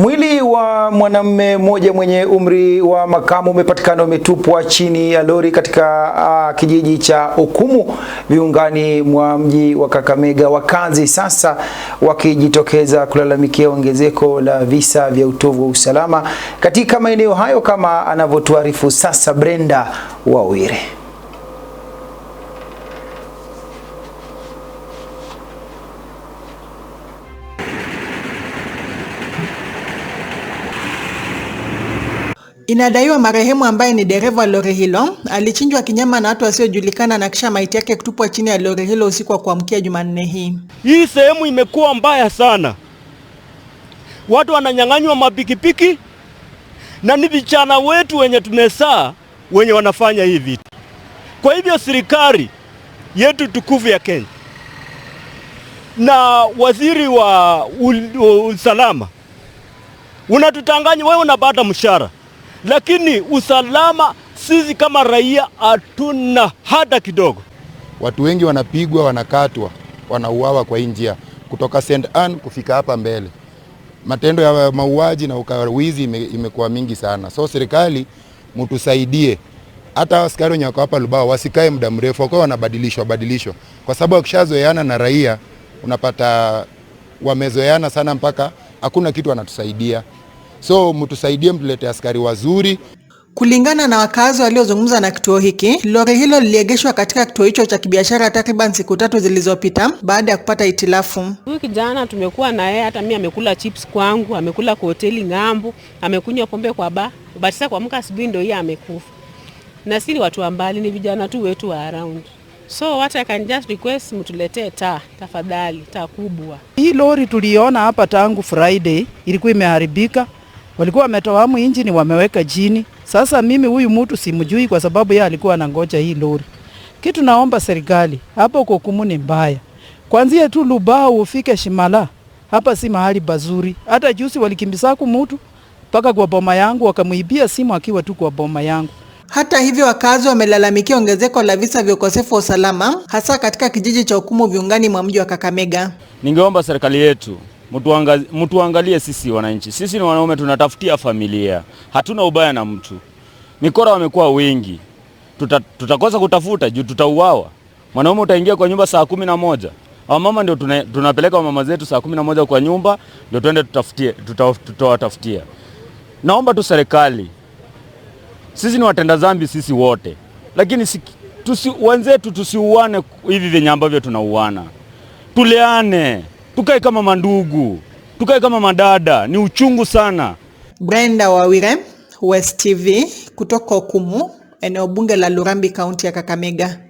Mwili wa mwanamume mmoja mwenye umri wa makamu umepatikana umetupwa chini ya lori katika uh, kijiji cha ukumu viungani mwa mji wa Kakamega, wakazi sasa wakijitokeza kulalamikia ongezeko la visa vya utovu wa usalama katika maeneo hayo, kama anavyotuarifu sasa Brenda Wawire. Inadaiwa marehemu ambaye ni dereva wa lori hilo alichinjwa kinyama na watu wasiojulikana na kisha maiti yake kutupwa chini ya lori hilo usiku wa kuamkia Jumanne hii. Hii sehemu imekuwa mbaya sana, watu wananyang'anywa mapikipiki na ni vijana wetu wenye tumesaa wenye wanafanya hii vitu. Kwa hivyo serikali yetu tukufu ya Kenya na waziri wa usalama unatutanganya, wewe unapata mshahara lakini usalama sisi kama raia hatuna hata kidogo. Watu wengi wanapigwa, wanakatwa, wanauawa kwa hii njia kutoka St. Anne kufika hapa mbele. Matendo ya mauaji na ukawizi imekuwa mingi sana, so serikali mtusaidie hata askari wenye wako hapa Lubao wasikae muda mrefu, wakawa wanabadilishwa badilishwa, kwa sababu wakishazoeana na raia unapata wamezoeana sana mpaka hakuna kitu wanatusaidia. So mtusaidie, mtulete askari wazuri. Kulingana na wakazi waliozungumza na kituo hiki, lori hilo liliegeshwa katika kituo hicho cha kibiashara takriban siku tatu zilizopita baada ya kupata itilafu. Huyu kijana tumekuwa na yeye, hata mimi amekula chips kwangu, amekula kwa hoteli ng'ambo, amekunywa pombe kwa ba batisa kwa mka asubuhi, ndio yeye amekufa. Na si ni watu wa mbali, ni vijana tu wetu wa around, so what I can just request, mtuletee taa tafadhali, taa kubwa. Hii lori tuliona hapa tangu Friday ilikuwa imeharibika walikuwa wametoa hamu injini wameweka chini. Sasa mimi huyu mtu simjui kwa sababu yeye alikuwa anangoja hii lori. Kitu naomba serikali hapo kumu ni mbaya, kwanzia tu Lubao ufike Shimala, hapa si mahali pazuri. Hata juzi walikimbizaku mtu mpaka kwa boma yangu, wakamuibia simu akiwa tu kwa boma yangu. Hata hivyo wakazi wamelalamikia ongezeko la visa vya ukosefu wa usalama hasa katika kijiji cha Ukumu viungani mwa mji wa Kakamega. Ningeomba serikali yetu mtuangalie sisi wananchi. Sisi ni wanaume, tunatafutia familia, hatuna ubaya na mtu. Mikora wamekuwa wengi, tuta, tutakosa kutafuta juu tutauawa. Mwanaume utaingia kwa nyumba saa kumi na moja au mama ndio tuna, tunapeleka wamama zetu saa kumi na moja kwa nyumba ndio tuende tutafutie, tutawatafutia. Naomba tu serikali, sisi ni watenda zambi sisi wote, lakini tusi, wenzetu tusiuane hivi vyenye ambavyo tunauana, tuleane tukae kama mandugu, tukae kama madada. Ni uchungu sana. Brenda Wawire, West TV, kutoka Okumu, eneo bunge la Lurambi, kaunti ya Kakamega.